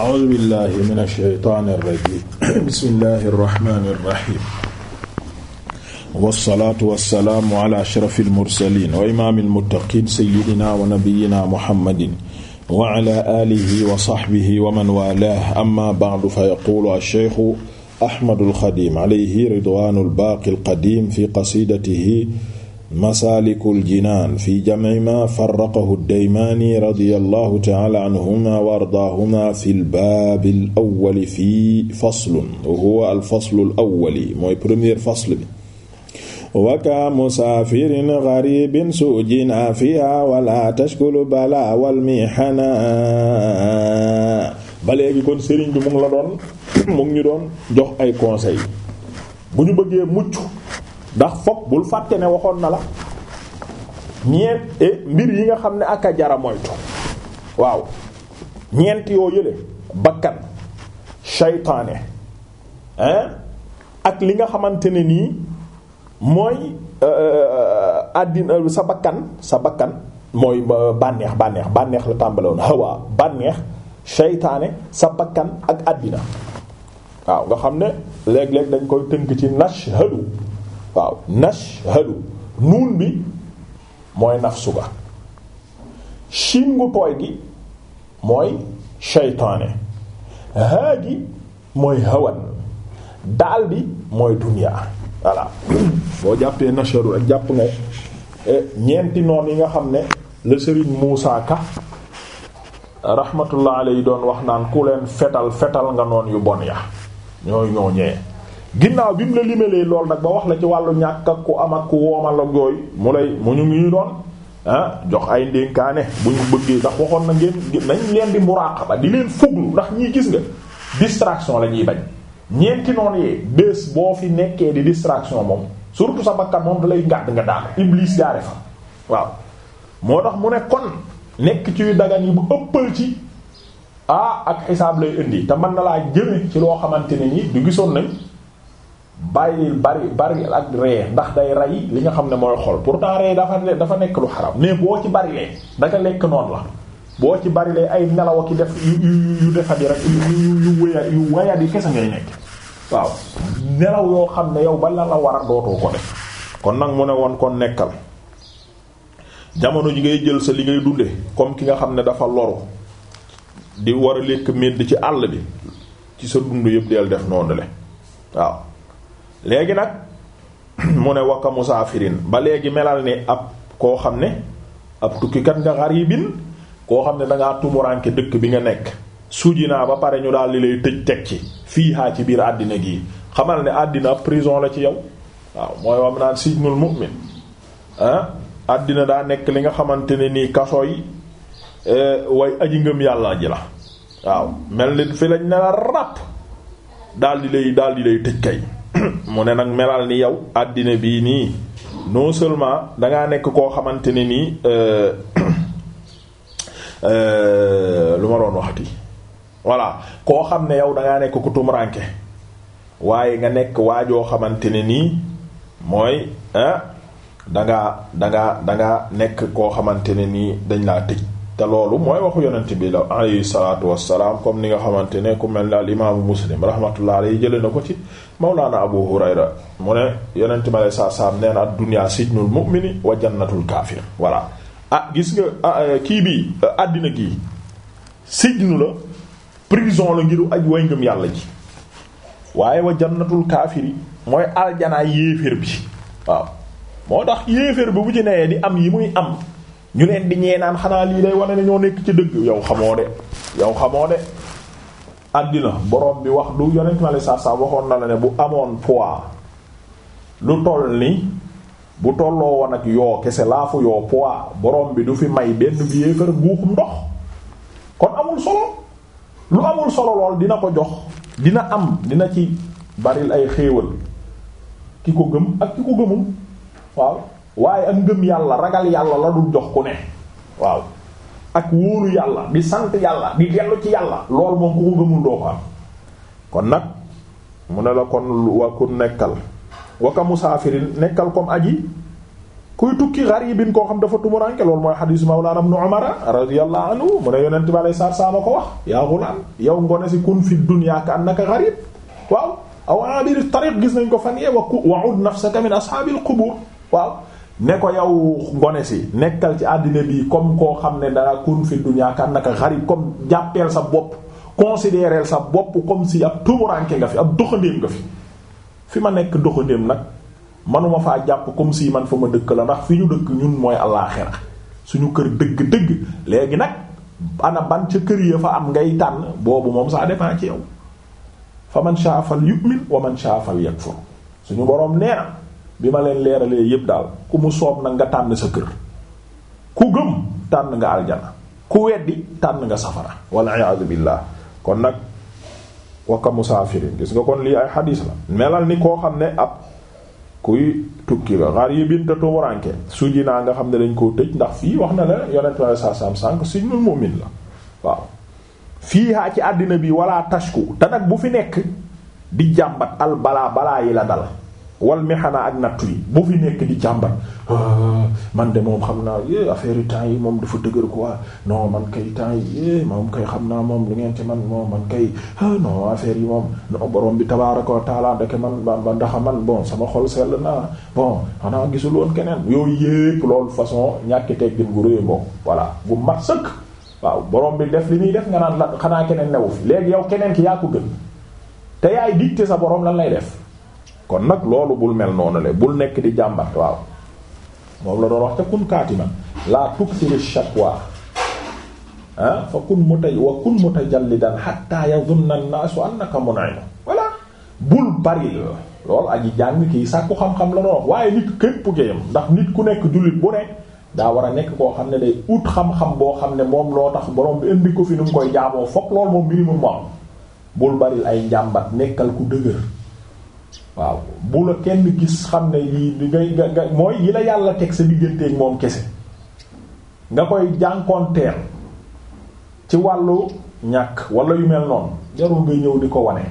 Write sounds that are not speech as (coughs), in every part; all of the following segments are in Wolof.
a'uuzu billahi mina shaytaani rajiim bismillahi rahmaani rahiim wasalaatu wasalaamu ala ashrafil mursaliin wa imaamil muttaqiin sayyidinaa wa nabiyyinaa muhammadin wa ala aalihi wa sahbihi wa man waalaahu amma ba'du fa yaquulu ash-shaykhu ahmadul xadiim alayhi ridwaanul baaqil qadiim fi qasiidatihi masaalikul jinaan fi jamci ma farraqahu daymaani radiyallahu ta'ala anhuma wa ardaahuma fi lbaabil awwali fi faslun wa huwa alfaslul awwali mooy premier fasl bi. waka musaafirin gariibin suujin afiya wala tashkulu bala wal mihana ba léegi kon sëriñ bi mu ngi la doon mu ngi ñu doon jox ay conseil bu ñu bëggee mucc. ndax foog bul fàtte ne waxoon na la ñeent e, mbir yi nga xam ne ak a jara moytu waaw ñeent yoo yële bakkan shaytaane ak li nga xamante ne nii mooy euh, euh, àddina sa bakkan sa bakkan mooy bànneex bànneex bànneex la tàmbale woon hawa bànneex shaytaane sa bakkan ak àddina waaw nga xam ne léeg-léeg dañ koy tënk ci nashhadu waaw nashhadu nuun bi mooy nafsu ga shin gu tooy gi mooy shaytaane haa gi mooy hawan daal bi mooy duniyaa voilà boo jàppee nashhadu ak jàpp nga e, ñeenti noon yi nga xam ne la Serigne Moussa Ka rahmatullah alayhi doon wax naan ku leen fetal fetal nga noon yu bon ya ñooy ñooñee ginnaaw bi mu la limalee lool nag ba wax la ci wàllu ñàkk ak ku am ak ku woomal ak yooyu mu lay mu ñu ngi doon ah jox ay ndénkaane bu ñu bëggee ndax waxoon na ngeen nañ leen di muraqaba di leen fuglu ndax ñii gis nga distraction la ñuy bañ ñeenti noonu yi bés boo fi nekkee di distraction moom surtout sa bakkan moom da lay ngàdd nga daal iblis gaare fa waaw moo tax mu ne kon nekk ci yu dagan yi bu ëppal ci ah ak xisaab lay indi te mën na laa jëme ci loo xamante ne nii du gisoon nañ bàyyil bari bari ak ree ndax day rey li nga xam ne mooy xol pourtant ree dafa dafa nekk lu xaram mais boo ci barilee danga lekk noonu la boo ci barilee ay nelaw ki def yu defandi rek yu wéya yi wéya di kese ngay nekk waaw nelaw yoo xam ne yow ba la la war a dootoo ko def kon nag mu ne woon kon nekkal jamono ji ngay jël sa li ngay dunde comme ki nga xam ne dafa loru di war a lekk medd ci àll bi ci sa dund yëpp del def noonu le waaw léegi nag (clears throat) mu ne wakka musaafirin ba léegi melal ni ab koo xam ne ab tukkikat nga xaribin koo xam ne dangaa tumuranke dëkk bi nga nekk suji naa ba pare ñu daal li lay tëj teg ci fii ci biir àddina gi xamal ne àddina prison la ci yow waaw mooy wam naan sijnul mu'min ah àddina daa nekk li nga xamante ne nii kaso yi eh, way aji ngëm yàlla ji la waaw mel ni fi lañ ne la ràpp daal di lay daal di lay tëj kay (coughs) mu ne nag melal ni yow àddina bii nii non seulement dangaa nekk koo xamante ne nii euh, (coughs) euh, lu ma doon waxati voilà koo xam ne yow dangaa nekk ku tumranke waaye nga nekk waajoo xamante ne nii mooy ah dangaa dangaa dangaa nekk koo xamante ne nii dañ laa tëj te loolu mooy waxu yonent bi la alayhi salaatu wassalaam comme ni nga xamante ne ku mel ne al imaamu muslim rahmatullah alayhi jëlee na ko ci Mawlaana Abu Hurayra mu ne yeneen ma lay saa saam nee na ad-dunya sijnul mu'mini wa jannatul kaafir ah, gis nga ah, eh, kii bi eh, àddina gi sijnu la prison la ngiru aj way ngëm yàlla ji waaye wa jannatul kaafir yi mooy aljanaa yéeféer bi waaw moo tax yéeféer bi bu ci newee di am yi muy am ñu leen di naan xanaa lii day wane ne ñoo nekk ci dëgg yow xamoo de yow xamoo de àddina borom bi wax du yonent ma la saa saa waxoon na la ne bu amoon poids lu toll ni bu tolloo woon ak yoo kese laa fu yoo poids borom bi du fi may benn bi yéefar guuxum ndox kon amul solo lu amul solo lool dina ko jox dina am dina ci baril ay xéewal ki ko gëm ak ki ko gëmul waaw waaye ak ngëm yàlla ragal yàlla la dul jox ku ne waaw ak wóolu yàlla bi sant yàlla di dellu ci yàlla lool moom ku ko gëmul doo ko am kon nag mu ne la kon wa ku nekkal waka musaafirin nekkal comme aji kuy tukki gharibin koo xam dafa tumuranke loolu mooy xadiis mawlana ibn umar radiyallahu anhu mu ne yonent bi alay saat saama ko wax yaa ghulam yow ngone si kun fi na ka annaka waaw aw abir tariq gis nañ ko fan yee wa ku wa ud nafsaka min ashaabil qubur waaw ne ko yow ngone si nekkal ci àddina bi comme koo xam ne dara kun fi dunya kan naka xarib comme jàppeel sa bopp considéreel sa bopp comme si ab tumuranke nga fi ab doxandéem nga fi ma nekk doxandéem nag manuma faa jàpp comme si man fa ma dëkk la ndax fi ñu dëkk ñun mooy àllaaxira suñu kër dëgg-dëgg léegi nag ana ban ca kër ya fa am ngay tànn boobu moom ça dépend ci yow fa man sha'a fal yu'min wa man sha'a fal yakfur suñu boroom nee na bi ma leen leeralee yépp daal ku mu soob nag nga tànn sa kër ku gëm tànn nga aljana ku weddi tànn nga safara walla iyaadu billaah kon nag wakka musaafirin gis nga kon lii ay xadiis la melal ni koo xam ne ab kuy tukki la gharibin te tumuranke suji naa nga xam ne dañ koo tëj ndax fii wax na la yonent la saa saam sànk sijnul mu'min la waaw fii haa ci àddina bi walla tashku te nag bu fi nekk di jàmbat al balaa yi la dal wal xanaa ak nattu yi bu fi nekk di jàmbat ah, man de moom xam naa yé affaire yi temps yi moom dafa dëgër quoi non man kay temps yi moom kay xam naa moom lu ngeen ci man moom man kay ah, non affaire yi moom non borom bi tabaaraka wa ndeke man ba ndaxa man bon sama xol sell naa bon xanaa gisul woon keneen yooyu yépp loolu façon ñàkk teggin gu réy mbokk voilà gu mat sëkk waaw borom bi def li muy def nga naan la xanaa keneen newu fi léegi yow keneen ki yaa ko gën te yaay dicté sa borom lan lay def kon nag loolu bul mel noonu le bul nekk di jàmbat waaw moom la doon wax te kun kaatiman laa tuksiri shakwa ah fa kun mutaj wa kun mutajallidan hatta yadhunna an-nasu annaka mun'im voilà bul bari loolu aji jàng kii sàkku xam-xam la doon wax waaye nit képp géyam ndax nit ku nekk jullit bu ne daa war a nekk koo xam ne day ut xam-xam boo xam ne moom loo tax borom bi indi ko fi nu mu koy jaamoo foog loolu moom minimum mu am bul baril ay njàmbat nekkal ku dëgër waaw bu la kenn gis xam ne lii li ngay nga nga mooy yi la yàlla teg sa digganteeg moom kese nga koy jànkoonteel ci wàllu ñàkk wala yu mel noonu jarul ngay ñëw di ko wane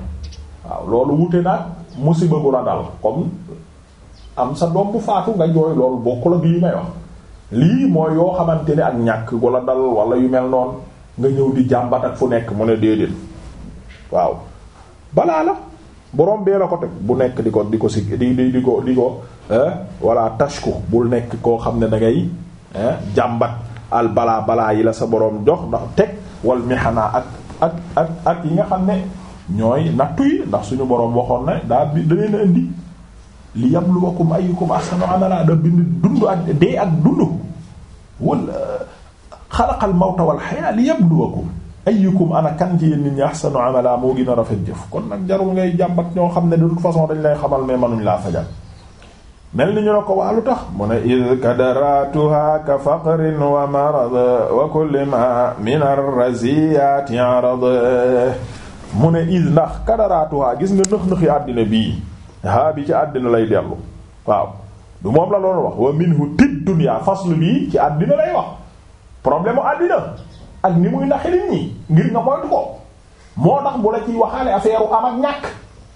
waaw loolu wute nag musiba bu la dal comme am sa doom bu faatu nga jooy loolu bokkul ak lii may wax lii mooy yoo xamante ne ak ñàkk wala dal wala yu mel noonu nga ñëw di jàmbat ak fu nekk mu ne déedéet waaw balaa la. borom bee la ko teg bu nekk di ko di ko si di di di ko di ko eh, walla tashku bul nekk koo xam ne dangay ngay eh, jàmbat al balaa yi la sa boroom jox ndax teg wal mihana ak ak ak yi nga xam ne ñooy nattu yi ndax suñu boroom waxoon na daa bi da leen a indi li yabluwakum ayyukum ahsanu amala da bind dund ak dee ak dund wala eh, xalaqal mawta wal haya li yabluwakum ayyukum ana kan ci yéen ñi ahsanu amala moo gën a rafet jëf kon nag jarul ngay jàmbat ñoo xam ne de toute façon dañ lay xamal mais manuñ laa fajal mel ni ñu ne ko waalu tax mu ne id kadaratuha ka faqrin wa marad wa kulli ma min ar-raziyati arad mu ne id ndax kadaratuha gis nga nëx-nëxi àddina bii haa bi ci àddina lay dellu waaw du moom la loolu wax wa minhu tid dunya faslu bii ci àddina lay wax problème àddina ak ni muy naxe nit ñi ngir nga moytu ko moo tax bu la ciy waxaale affaire am ak ñàkk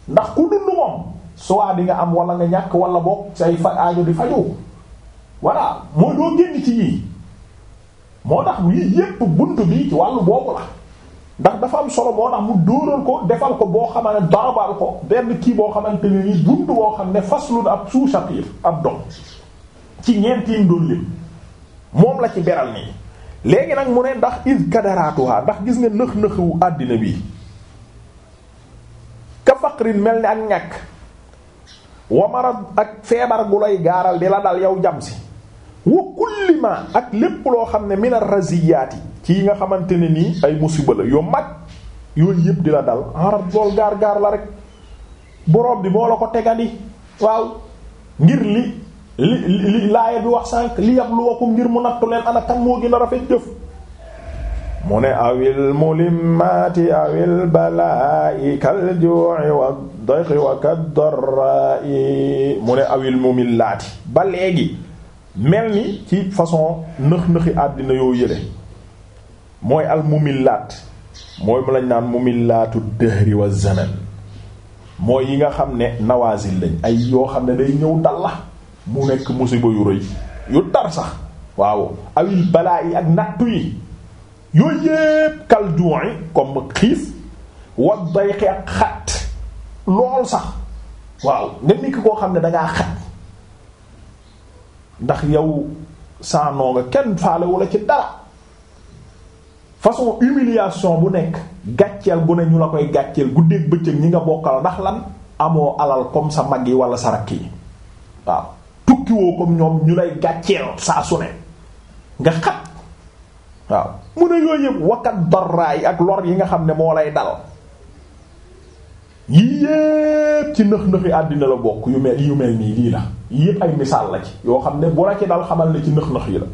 ndax ku dund moom soit di nga am wala nga ñàkk wala boog say fa aajo di faju voilà moo doo génn ci yii moo tax yii yépp buntu bi ci wàllu boobu la ndax dafa am solo moo tax mu dóoral ko defal ko boo xamante ne darabal ko benn kii boo xamante ne nii bunt boo xam ne faslun ab sous-chapitre ab dom ci ñeenti doon lim moom la ci beral nii léegi nag mu ne ndax is kadaraatuha ndax gis nga nëx-nëxu àddina bi ka mel ni ak ñàkk wa marad ak feebar gu lay gaaral di la dal yow jam si wa kulli ma ak lépp loo xam ne mi mina raziyaati ci yi nga xamante ne nii ay musiba la yoo mag yooyu yëpp di la dal arab lool gaar gaar la rek borom bi moo la ko tegandi waaw ngir li li li laaya bi wax sànq li yabluwakum ngir mu nattu leen ana kan moo gën a rafet jëf mu ne awil mulimmaati awil balaa'i kal ju'i wa dayqi wa kadarra'i mu ne awil mumillaati ba léegi mel ni ci façon nëx-nëxi àddina yoo yële mooy al mumillaat mooy mu lañ naan mumillaatu dëhri wa zaman mooy yi nga xam ne nawaazil lañ ay yoo xam ne day ñëw dal mu nekk musiba yu rëy yu tar sax waaw awil balaa yi ak nattu yi yooyu yépp kal comme xiif wa dayqi ak xat lool sax waaw nga nekk koo xam ne dangaa xat ndax yow saanoo nga kenn faale wala ci dara façon humiliation bu nekk gàcceel bu ne ñu la koy gàcceel guddeeg bëccëg ñi nga bokkal ndax lan amoo alal comme sa mag yi wala sa rakk yi waaw jiwoo comme ñoom ñu lay gàcceel saa su ne nga xat waaw mu ne yooyu wakkat darra ak lor yi nga xam ne moo lay dal yii yëpp ci nëx-nëxi àddina la bokk yu mel yu mel nii lii la yii yëpp ay misaal la ci yoo xam ne boo la ci dal xamal ne ci nëx-nëx yi la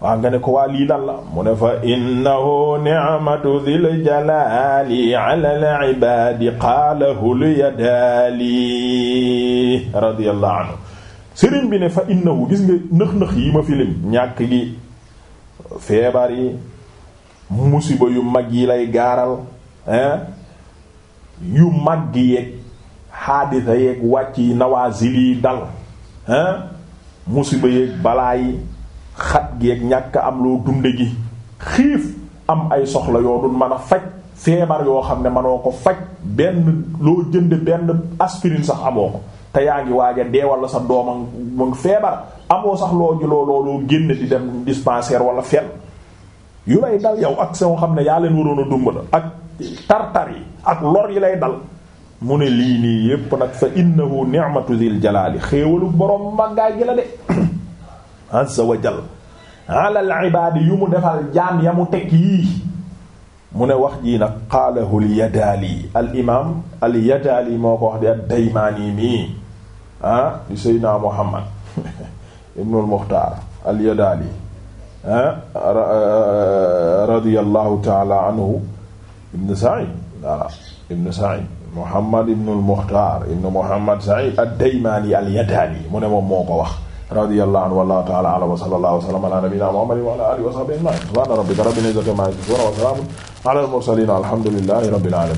waa nga ne ko waa lii dal la mu ne fa innahu ni'matu dhil jalali ala al ibadi qaalahu liyadaali radiyallahu anhu sëriñ bi ne fa innahu gis nga nëx-nëx yi ma fi lim ñàkk gi feebar yi musiba yu mag yi lay gaaral hein yu mag gi xaadisa yeeg wàcc yi nawaazil yi dal hein musiba yeeg balaa yi xat gi ñàkk am loo dunde gi xiif am ay soxla yoo dul mën faj feebar yoo xam ne mënoo ko faj benn loo jënd benn aspirine sax amoo ko te yaa ngi waaj a dee wala sa doomam mu feebar amoo sax loo jëloo looloo génn di dem dispensaire wala fenn yu lay dal yow ak soo xam ne yaa leen waroon a la ak tartar yi ak lor yi lay dal mu ne lii nii yépp nag fa innahu ni'matu dhil jalali xéewalu borom màggaay gi la de (clears throat) azza wa jal ala al ibadi yu mu defal jaam ya mu teg yii mu ne wax jii nag qaalahu al-Yadaali al imaam al-Yadaali moo ko wax di ad-Daymaani mii ah di Seydina Muhammad (laughs) ibnul Muxtaar al-Yadaali ah eh, radiyallahu taala anhu ibn Saïd voilà ah, ibn Saïd Muhammad ibnul Muxtaar ibn Muhammad Saïd ad-Daymaani al-Yadaali mu ne moom moo ko wax radiyallahu anhu wallahu taala alam wa sallallahu wa sallam ala nabiyina Muhammadin wa ala alihi wa sahbihi ajma'in subhana rabbika rabbil izzati amma yasifun wa salamun ala al mursalin alhamdulillahi rabbil alamin